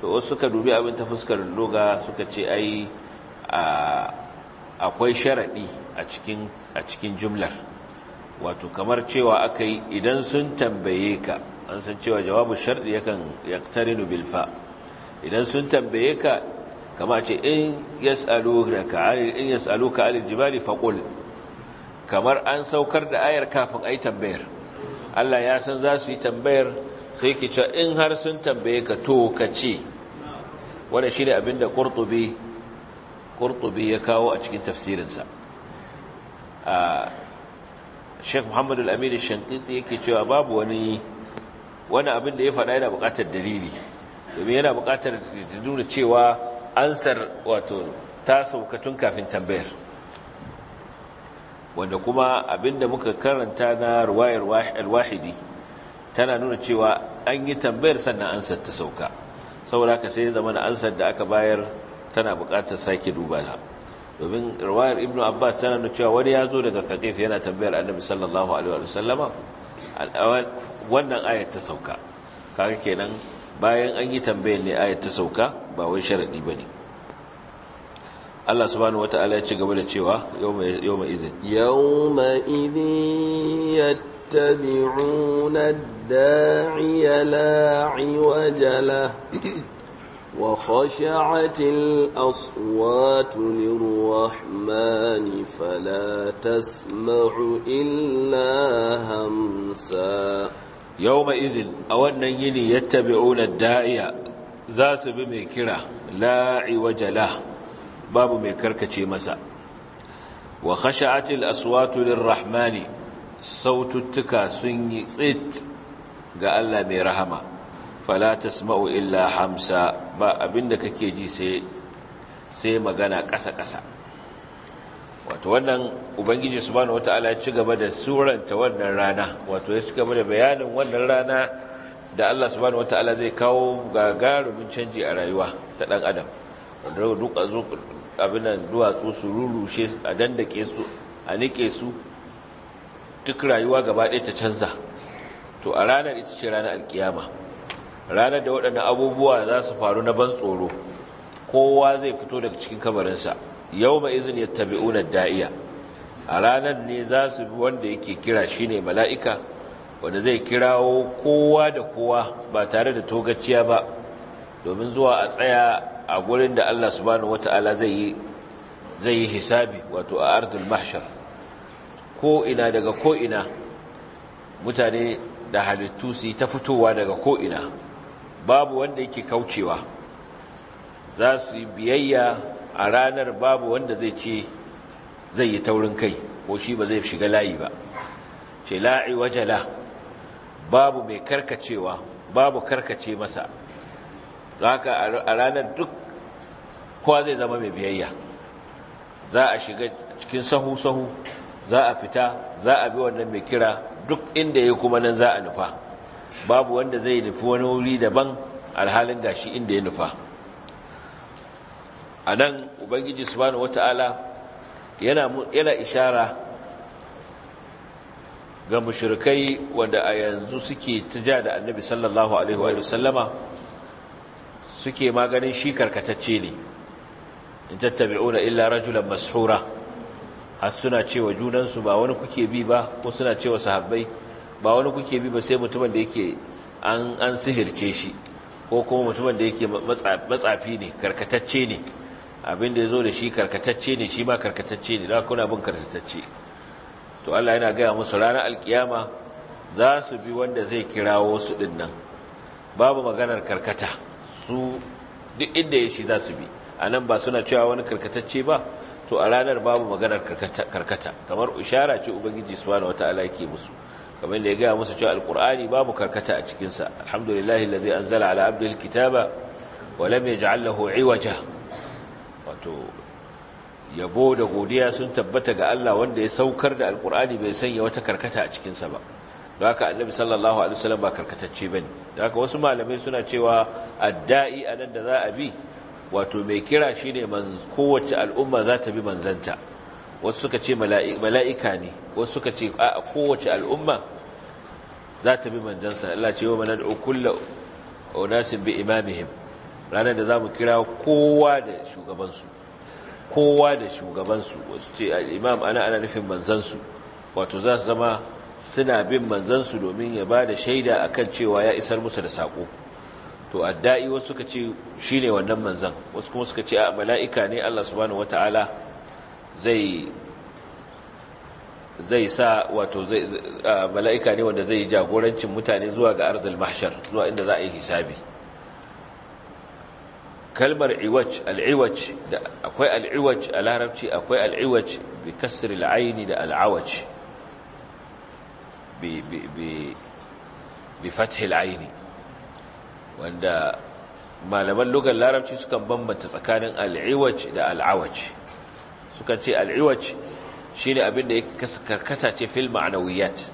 to wasu suka dubi abin ta fuskar loga suka ce ai akwai sharaɗi a cikin jumlar wato kamar cewa aka yi, idan sun tambaye ka an san cewa jawabu sharɗi yakan yaktarinu bil fa idan sun tambaye ka kama ce in yas'aluka in yas'aluka anil jibali faqul kamar an saukar da ayar kafin ai tambayar Allah ya san za su yi tambayar sai ki ce in har sun tambaye ka to ka ce wanda shine abinda qurtubi qurtubi ya kawo a cikin tafsirinsa a ah, Sheikh Muhammad Al-Amin Shankiti yake cewa babu wani wani abin da ya faɗa yana buƙatar dalili domin yana buƙatar da nuna cewa ansar wato ta saukatun kafin tambayar wanda kuma abin da muka karanta na ruwayar alwahidi tana nuna cewa an yi tambayar sannan ansar ta sauka saboda ka sai zama na ansar da aka bayar tana buƙatar sake dubata domin ruwayar ibnu abbas tana nuna cewa wani ya zo daga faƙif yana tambayar annabi sallallahu alaihi wa sallama wannan ayat ta sauka kaga kenan bayan an yi tambayar ne ayat ta sauka ba wai sharadi bane Allah subhanahu wata'ala ya ci gaba da cewa yawma izin yawma izin yattabi'una ad-da'iya la 'iwaja وخشعت الأصوات للرحمن فلا تسمع إلا همسا يومئذ أولا يلي يتبعون الدائية ذاس بمكرة لا عوج له باب مكركة مسا وخشعت الأصوات للرحمن صوت التكا سنيت قال الله برحمه fala tasma'u illa hamsa ba abinda kake ji sai sai magana ƙasa-ƙasa wato wannan ubangiji subhanahu wata'ala ya ci gaba da suranta wannan rana wato ya ci gaba da bayanin wannan rana da Allah subhanahu wata'ala zai kawo gagarumin canji a rayuwa ta dan adam wanda duk abinan duwatsu su rurushe a dandake su a nike su duk rayuwa gaba ɗaya ta canza to a ranar ita ce ranar alkiyama ranar da waɗannan abubuwa za su faru na ban tsoro kowa zai fito daga cikin kamarinsa, yau mai izini ya unar da'iya a ranar ne za su bi wanda yake kira shi ne mala'ika wanda zai kirawo kowa da kowa ba tare da togaciya ba domin zuwa a tsaya a gurin da allah subhanahu wata'ala zai yi hisabi wato a ardul mahshar ko daga ko'ina mutane da halittu su yi ta fitowa daga ko'ina babu wanda yake kaucewa za su yi biyayya a ranar babu wanda zai ce zai yi taurin kai ko shi ba zai shiga layi ba ce la'i wajala babu mai karkacewa babu karkace masa haka a ranar duk kowa zai zama mai biyayya za a shiga cikin sahu-sahu za a fita za a bi wannan mai kira duk inda ya kuma nan za a nufa babu wanda zai nufi wani wuri daban alhalin gashi inda ya nufa a nan ubangiji subhanahu wata'ala yana yana ishara ga mushrikai wanda a yanzu suke tija da annabi sallallahu alaihi wa sallama suke maganin shi karkatacce ne in tattabi'una illa rajulan mashura har suna cewa junansu ba wani kuke bi ba ko suna cewa sahabbai ba wani kuke bi ba sai mutumin da yake an sihirce shi ko kuma mutumin da yake matsafi ne karkatacce ne abin da zo da shi karkatacce ne shi ma karkatacce ne da kuna bin karkatacce to Allah yana gaya musu ranar alkiyama za su bi wanda zai kirawo su din nan babu maganar karkata su duk inda ya shi za su bi a nan ba suna cewa wani karkatacce ba to a ranar babu maganar karkata kamar ishara ce ubangiji wata wata yake musu kamar da ya gaya musu cewa alkur'ani babu karkata a cikinsa alhamdulillahi an anzala ala abdihi alkitaba wa lam yaj'al iwaja wato yabo da godiya sun tabbata ga Allah wanda ya saukar da alkur'ani bai sanya wata karkata a cikinsa ba don haka annabi sallallahu alaihi wasallam ba karkatacce bane don haka wasu malamai suna cewa adda'i anan da za a bi wato mai kira shine kowace al'umma za ta bi manzanta wasu suka ce mala'ika ne wasu suka ce a kowace al'umma za ta bi manjansa Allah ce wa manar kullu unasin bi imamihim ranar da za mu kira kowa da shugabansu kowa da shugabansu wasu ce imam ana ana nufin manzansu wato za su zama suna bin manzansu domin ya ba da shaida a kan cewa ya isar musu da saƙo. to adda'i wasu suka ce shi ne wannan manzan wasu kuma suka ce a mala'ika ne Allah subhanahu wataala zai zai sa wato zai mala'ika ne wanda zai jagorancin mutane zuwa ga ardal mahshar zuwa inda za a yi hisabi kalmar iwaj al'iwaj da akwai al'iwaj a larabci akwai al'iwaj bi Kasir al'aini da al'awaj bi bi bi bi al'aini wanda malaman lugar larabci sukan bambanta tsakanin al'iwaj da al'awaj suka ce al'iwac ne abin da yake karkata ce fil ma'anawiyat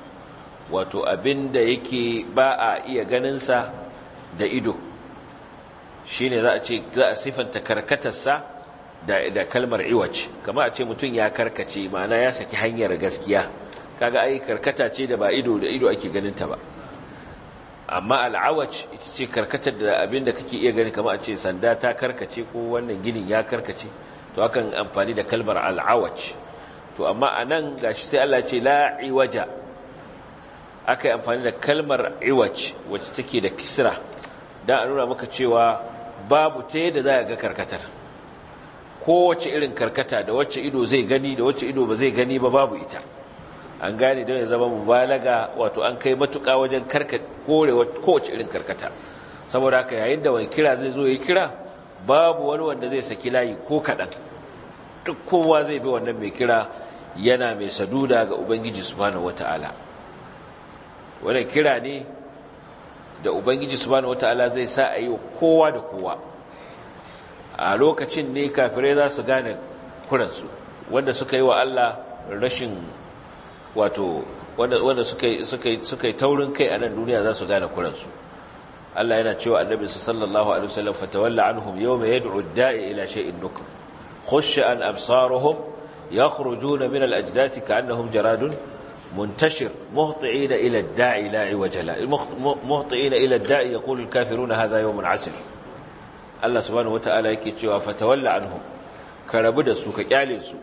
wato abin da yake ba a iya ganinsa da ido shi ne za a ce za a sifanta karkatarsa da da kalmar iwac kama a ce mutum ya karkace ma'ana ya saki hanyar gaskiya kaga ai karkata ce da ba ido da ido ake ganin ta ba amma al'awac ita ce karkatar da abin da kake iya gani kama a ce sanda ta karkace ko wannan ginin ya karkace to akan amfani da kalmar al'awaj to amma a nan gashi sai Allah ce la'iwaja aka yi amfani da kalmar iwaj wacce take da kisra dan a nuna maka cewa babu ta yadda za ga karkatar kowace irin karkata da wacce ido zai gani da wacce ido ba zai gani ba babu ita an gane don ya zama mubalaga wato an kai matuka wajen kore kowace irin karkata saboda haka yayin da wani kira zai zo ya kira babu wani wanda zai saki layi ko kaɗan duk kowa zai bi wannan mai kira yana mai saduda ga ubangiji subhanahu wata'ala wannan kira ne da ubangiji subhanahu wata'ala zai sa a yi wa kowa da kowa a lokacin ne kafirai za su gane kuransu wanda suka yi wa Allah rashin wato wanda suka yi taurin kai a nan duniya za su gane kuransu Allah yana cewa Annabi sallallahu alaihi wasallam fatawalla anhum yawma yad'u ad-da'i ila shay'in nukr khush'an absaruhum yakhrujuna min al-ajdath ka'annahum jaradun muntashir muhti'ina ila ad-da'i la wajla muhti'ina ila ad-da'i yaqulu al-kafiruna hadha yawmun 'asir Allah subhanahu wa ta'ala yake cewa fatawalla anhum karabu da su ka kyale su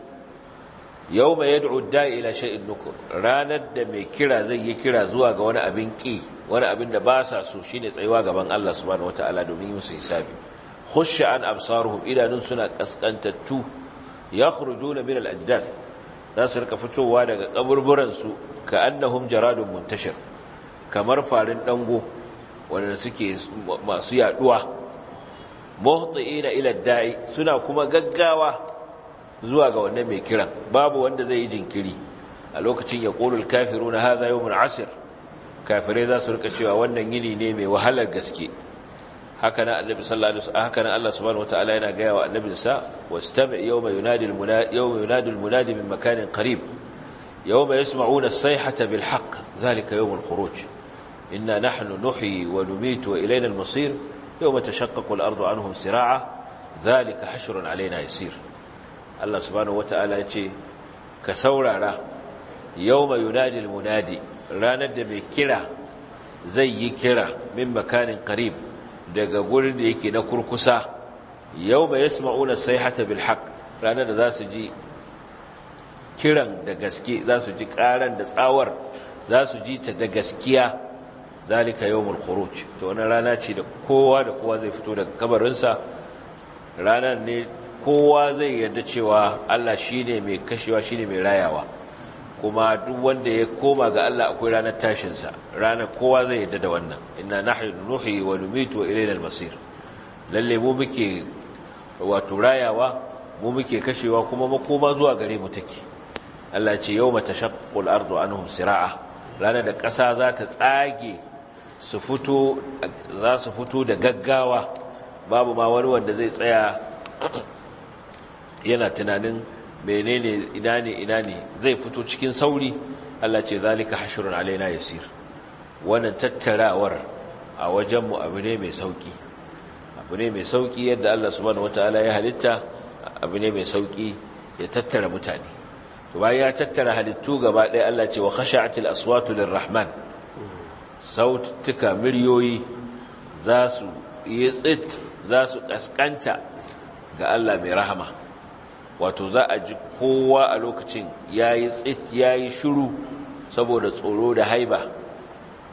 yau mai yadda da ila sha'in nukur ranar da mai kira zai yi kira zuwa ga wani abin ƙi wani abin da ba sa so shi ne tsayuwa gaban Allah subhanahu wa ta'ala domin yi musu hisabi khusha an absaruhum idanun suna kaskantattu ya khurujuna min al-ajdath za su rika fitowa daga kaburburan su ka annahum jaradun muntashir kamar farin dango wanda suke masu yaduwa muhti'ina ila da'i suna kuma gaggawa zuwa ga wannan mai kiran babu wanda zai yi jinkiri a lokacin ya ƙolul kafiru na haza yau mun asir kafirai za su rika cewa wannan yini ne mai wahalar gaske haka na annabi sallallahu Allah subhanahu wataala yana gaya wa annabinsa wastami yawma yunadi almunadi yawma yunadi min makanin qarib yawma yasma'una as-sayhata bil haqq zalika yawm al-khuruj inna nahnu nuhyi wa numitu wa ilayna al-masir yawma tashaqqaqu al-ardu anhum sira'a zalika hashrun alaina yasir Allah subhanahu wata'ala ya ce ka saurara yawma yunadil munadi ranar da mai kira zai yi kira min makanin karib daga gurin da yake na kurkusa yawma yasma'una sai hata haqq ranar da za su ji kiran da gaske za su ji karan da tsawar za su ji ta da gaskiya zalika yawmul khuruj to wani rana ce da kowa da kowa zai fito daga kabarinsa ranar ne kowa zai yarda cewa Allah shi ne mai kashewa shi ne mai rayawa kuma duk wanda ya koma ga Allah akwai ranar tashinsa ranar kowa zai yarda da wannan ina nahnu nuhi wa numitu wa ilayna almasir masir lalle mu muke wato rayawa mu muke kashewa kuma makoma zuwa gare mu take Allah ce yawma tashaqqul ardu anhum sira'a ranar da ƙasa za ta tsage za su fito da gaggawa babu ma wani wanda zai tsaya yana tunanin menene ina ne ina ne zai fito cikin sauri Allah ce zalika hashrun alaina yasir wannan tattarawar a wajen mu abu ne mai sauki abu ne mai sauki yadda Allah subhanahu wataala ya halitta abu ne mai sauki ya tattara mutane to bayan ya tattara halittu gaba ɗaya Allah ce wa khashatil aswatu lirrahman sautuka miliyoyi za su yi tsit za su kaskanta ga Allah mai rahama wato za a ji kowa a lokacin yayi tsit yayi shiru saboda tsoro da haiba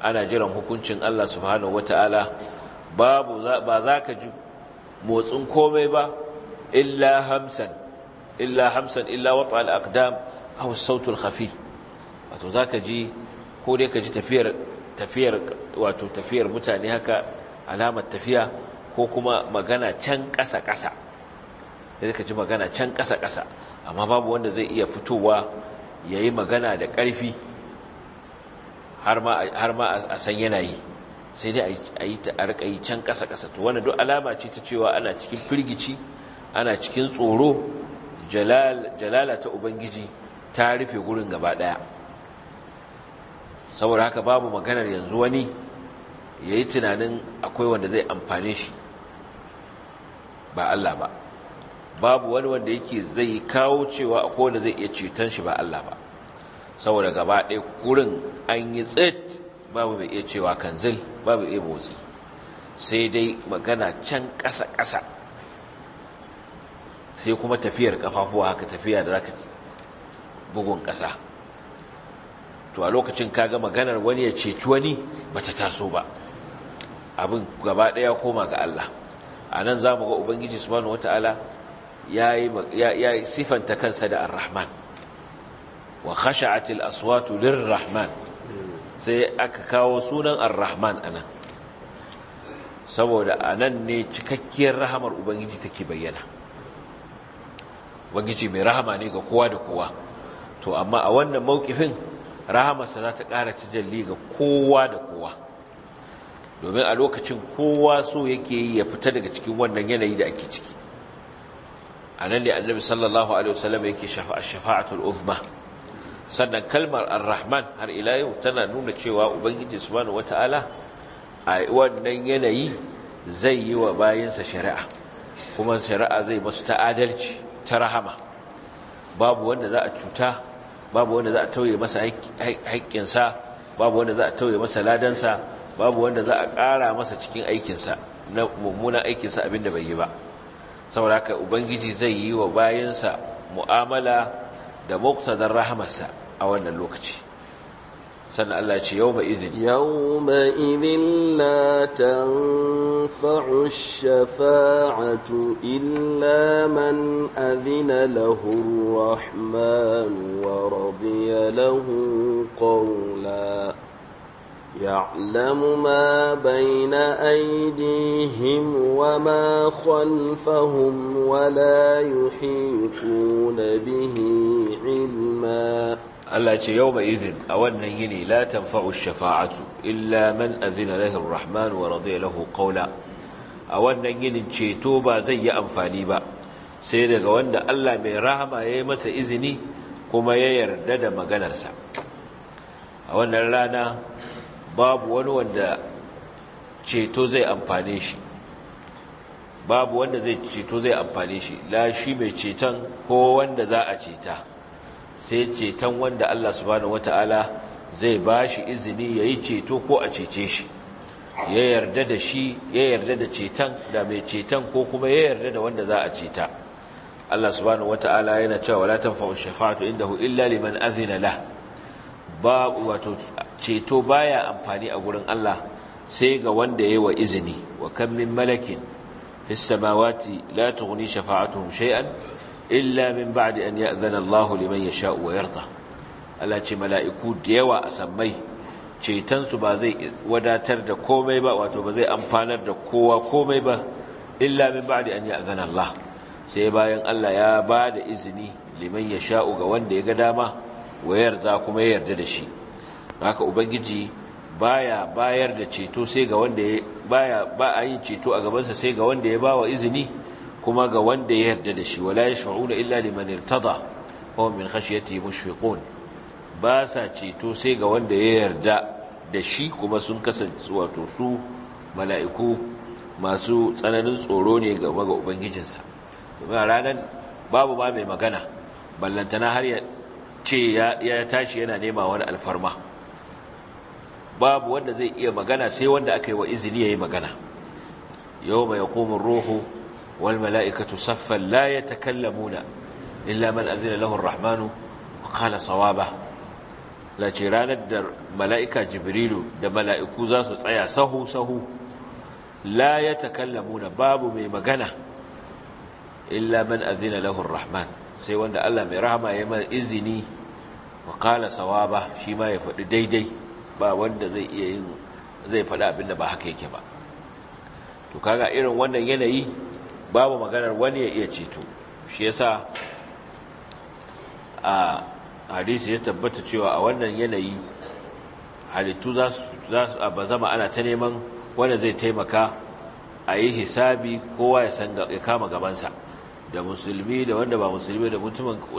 ana jiran hukuncin Allah subhanahu wa Ta'ala ba za ka ji motsin komai ba illa hamsan illa hamsan illa wata al-aqdam khafi wato za ka ji ko dai ka ji tafiyar tafiyar wato tafiyar mutane haka alamar tafiya ko kuma magana can ƙasa-ƙasa sai ka ji magana can ƙasa-ƙasa amma babu wanda zai iya fitowa ya yi magana da ƙarfi har ma a san yanayi sai dai a yi can ƙasa-ƙasa to wanda duk alama ce ta cewa ana cikin firgici ana cikin tsoro jalala ta ubangiji ta rufe gurin gaba ɗaya saboda haka babu maganar yanzu wani ya yi tunanin akwai wanda zai amfane shi ba Allah ba babu wani wanda yake zai kawo cewa akwai wanda zai iya ceton shi ba Allah ba saboda gaba ɗaya kurin an yi tsit babu mai iya cewa kan zil, babu iya motsi sai dai magana can ƙasa-ƙasa sai kuma tafiyar ƙafafuwa haka tafiya da zaka bugun ƙasa to a lokacin kaga maganar wani ya ceci wani ba ta taso ba abin gaba ɗaya koma ga Allah a nan za mu ga ubangiji subhanahu wata'ala ya yi sifanta kansa da ar-rahman wa khasha'at al-aswatu lir-rahman sai aka kawo sunan ar-rahman anan saboda anan ne cikakkiyar rahamar ubangiji take bayyana ubangiji mai rahama ne ga kowa da kowa to amma a wannan mawkifin rahamarsa za ta ƙara cijalli ga kowa da kowa domin a lokacin kowa so yake yi ya fita daga cikin wannan yanayi da ake ciki a nan ne annabi sallallahu alaihi wasallam yake shafa'atul uzma sannan kalmar arrahman har ila yau tana nuna cewa ubangiji subhanahu wata'ala a wannan yanayi zai yi wa bayansa shari'a kuma shari'a zai masu ta adalci ta rahama babu wanda za a cuta babu wanda za a tauye masa haƙƙinsa babu wanda za a tauye masa ladansa babu wanda za a ƙara masa cikin aikinsa na mummunan aikinsa abinda bai yi ba saboda haka ubangiji zai yi wa bayansa mu'amala da muktadar rahamarsa a wannan lokaci sannan Allah ce yau ma'izin yau ma'izin la tanfa'u shafa'atu illa man azina lahu rahmanu wa radiya lahu qawla يعلم ما بين أيديهم وما خلفهم ولا يحيطون به علما Allah ce yau mai izin a wannan yini la tanfa'u shafa'atu illa man azina lahu ar-rahman wa radiya lahu qawla a wannan yinin ceto ba zai yi amfani ba sai daga wanda Allah mai rahama ya yi masa izini kuma ya yarda da maganarsa a wannan rana babu wani wanda ceto zai amfane shi babu wanda zai ceto zai amfane shi la shi mai ceton ko wanda za a ceta sai ceton wanda Allah subhanahu wata'ala zai ba shi izini ya yi ceto ko a cece shi ya yarda da shi ya yarda da ceton da mai ceton ko kuma ya yarda da wanda za a ceta Allah subhanahu wata'ala yana cewa la tanfa'u shafa'atu indahu illa liman azina la ba wato ceto baya amfani a gurin Allah sai ga wanda yi wa izini wa kan min malakin fis samawati la tughni shafa'atuhum shay'an illa min ba'di an ya'dhana Allahu liman yasha'u wa yarda Allah ce mala'iku da yawa a sammai ceton su ba zai wadatar da komai ba wato ba zai amfanar da kowa komai ba illa min ba'di an ya'dhana Allah sai bayan Allah ya ba da izini liman yasha'u ga wanda ya ga dama wa yarda kuma ya yarda da shi haka ubangiji baya bayar da ceto sai ga wanda ya baya ba a yin ceto a gabansa sai ga wanda ya bawa izini kuma ga wanda ya yarda da shi wala yashuuna illa liman irtada wa min khashyati mushfiqun ba sa ceto sai ga wanda ya yarda da shi kuma sun kasance wato su mala'iku masu tsananin tsoro ne ga ga ubangijinsa domin ranan babu ba mai magana ballantana har ya ce ya tashi yana nema wani alfarma babu wanda zai iya magana sai wanda aka yi wa izini ya yi magana yau mai yaƙomin ruhu wal mala'ikatu saffan la ya takallamuna illa man azina lahun rahmanu kala sawaba lace ranar da mala'ika jibrilu da mala'iku za su tsaya sahu-sahu la ya takallamuna babu mai magana illa man azina lahun rahman sai wanda Allah mai rahama ya man izini wa kala sawaba shi ma ya faɗi daidai ba wanda zai iya yin zai faɗi abinda ba haka yake ba to kaga irin wannan yanayi babu maganar wani ya iya ceto shi yasa a hadisi ya tabbata cewa a wannan yanayi halittu za su zama ana ta neman wanda zai taimaka a yi hisabi kowa ya kama gabansa da musulmi da wanda ba musulmi da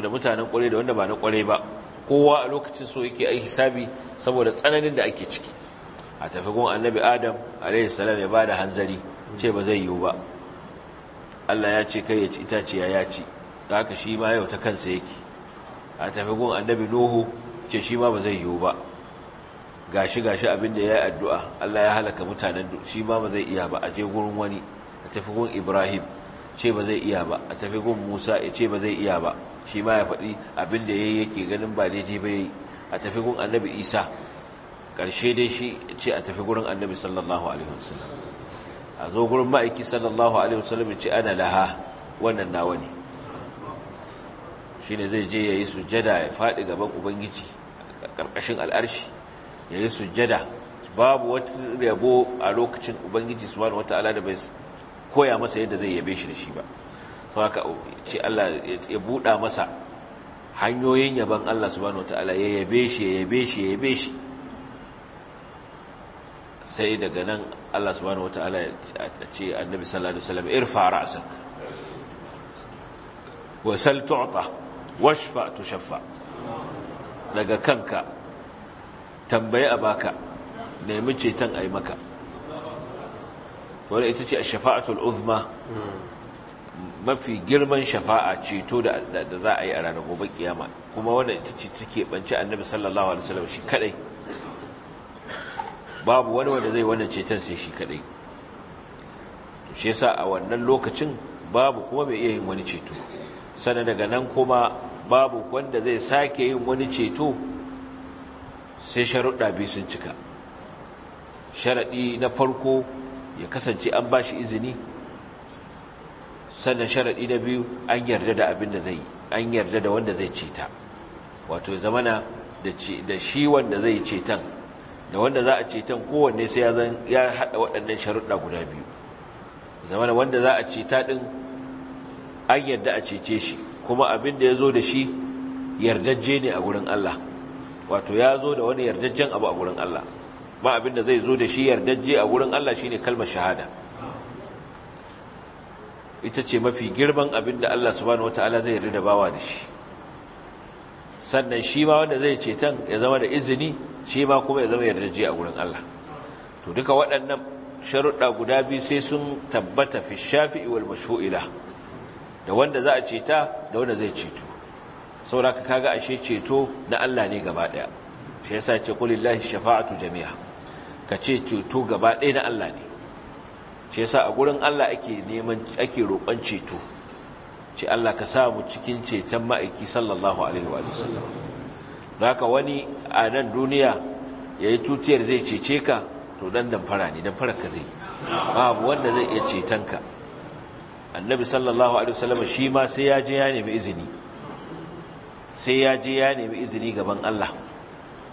mutanen kwarai da wanda ba na kwarai ba kowa a lokacin so yake yi hisabi saboda tsananin da ake ciki a tafi gun annabi adam alaihi salam ya da hanzari ce ba zai yiwu ba Allah ya ce kai ya ci ce ya ci ka shi ma yau ta kansa yake a tafi gun annabi nuhu ce shi ma ba zai yiwu ba gashi gashi abin da ya yi addu'a Allah ya halaka mutanen shi ma ba zai iya ba a je gurin wani a tafi gun ibrahim ce ba zai iya ba a tafi gun musa ya ce ba zai iya ba shi ma ya faɗi abin da yi yake ganin ba daidai ba yi a tafi gun annabi isa ƙarshe dai shi ce a tafi gurin annabi sallallahu alaihi wasallam a zo gurin ma'aiki sallallahu alaihi wasallam ce ana laha wannan nawa ne shine zai je yayi sujjada ya faɗi gaban ubangiji ƙarƙashin al'arshi yayi sujjada babu wata yabo a lokacin ubangiji subhanahu wataala da bai koya masa yadda zai yabe shi da shi ba haka ce Allah ya buɗa masa hanyoyin yaban Allah subhanahu wataala ya yabe shi ya yabe shi ya yabe shi sai daga nan Allah subhanahu wataala ya ce annabi sallallahu alaihi wasallam irfa ra'sak wa sal tu'ta washfa tushaffa daga kanka tambaye a baka nemi ceton ai maka wani ita ce a shafa'atul uzma hmm. mafi girman shafa'a ceto da za a yi a ranar gobe kiyama kuma wannan ita ce take banci annabi sallallahu alaihi wasallam shi kadai babu wani wanda zai wannan ceton sai shi kadai shi yasa a wannan lokacin babu kuma mai iya yin wani ceto sannan daga nan kuma babu wanda zai sake yin wani ceto sai sharuɗa biyu sun cika sharaɗi na farko ya kasance an ba shi izini sannan sharaɗi na biyu an yarda da abin da zai an yarda da wanda zai ceta wato zamana da shi wanda zai cetan da wanda za a cetan kowanne sai ya haɗa waɗannan sharuɗa guda biyu zamana wanda za a ceta ɗin an yarda a cece shi kuma abin da ya zo da shi yardajje ne a gurin Allah wato ya zo da wani yardajjen abu a gurin Allah ba abin da zai zo da shi yardajje a gurin Allah shine kalmar shahada ita ce mafi girman abin da Allah subhanahu wata'ala zai yarda da bawa da shi sannan shi ma wanda zai ceton ya zama da izini shi ma kuma ya zama yardaje a gurin Allah to duka waɗannan sharuɗa guda biyu sai sun tabbata fi shafi'i wal da wanda za a ceta da wanda zai ceto ka kaga ashe ceto na Allah ne gaba ɗaya shi yasa ce qulillahi shafa'atu jami'a ka ce ceto gaba ɗaya na Allah ne shi yasa a gurin Allah ake neman ake roƙon ceto ce Allah ka samu cikin ceton ma'aiki sallallahu alaihi wasallam haka wani a nan duniya yayi tutiyar zai cece ka to dan damfara ne damfara ka zai babu wanda zai iya ceton ka annabi sallallahu alaihi wasallam shi ma sai ya je ya nemi izini sai ya je ya nemi izini gaban Allah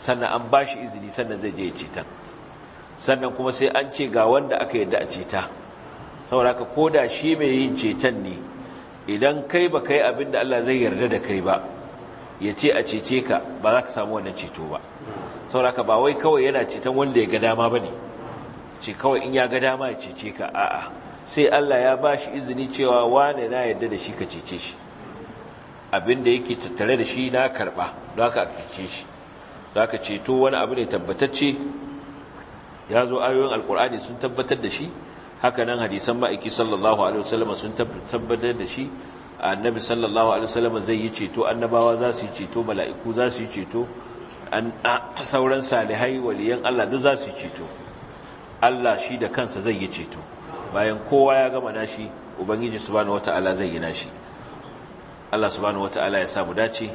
sannan an bashi izini sannan zai je ya ceton sannan kuma sai an ce ga wanda aka yadda a ceta saboda ka ko da shi mai yin cetan ne idan kai ba kai abin da Allah zai yarda da kai ba ya ce a cece ka ba za ka samu wannan ceto ba saboda ka, ba wai kawai yana ceton wanda ya ga dama ba ne ce kawai in ya ga dama ya cece ka a'a sai Allah ya ba shi izini cewa wane na yarda da shi ka cece shi abin da yake tattare da shi na karɓa, don haka a cece shi don haka ceto wani abu ne tabbatacce ya zo ayoyin alkur'ani sun tabbatar da shi haka nan hadisan ma'aiki sallallahu alaihi wasallam sun tabbatar da shi annabi sallallahu alaihi wasallam zai yi ceto annabawa za su yi ceto mala'iku za su yi ceto a sauran salihai waliyan Allah duk za su yi ceto Allah shi da kansa zai yi ceto bayan kowa ya gama nashi ubangiji subhanahu wataala zai yi nashi Allah subhanahu wataala ya samu dace